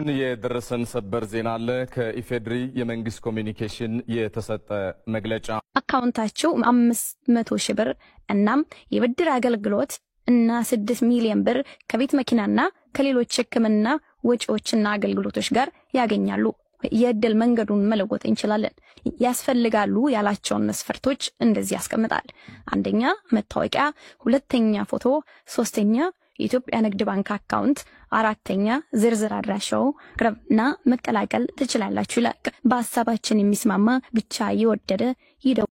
አሁን የደረሰን ሰበር ዜና አለ። ከኢፌድሪ የመንግስት ኮሚኒኬሽን የተሰጠ መግለጫ አካውንታቸው አምስት መቶ ሺህ ብር እናም የብድር አገልግሎት እና ስድስት ሚሊዮን ብር ከቤት መኪናና ከሌሎች ሕክምና ወጪዎችና አገልግሎቶች ጋር ያገኛሉ። የእድል መንገዱን መለወጥ እንችላለን። ያስፈልጋሉ ያላቸውን መስፈርቶች እንደዚህ ያስቀምጣል። አንደኛ መታወቂያ፣ ሁለተኛ ፎቶ፣ ሶስተኛ የኢትዮጵያ ንግድ ባንክ አካውንት አራተኛ ዝርዝር አድራሻው ቅረብና መቀላቀል ትችላላችሁ ይላቅ በሀሳባችን የሚስማማ ብቻ የወደደ ይደው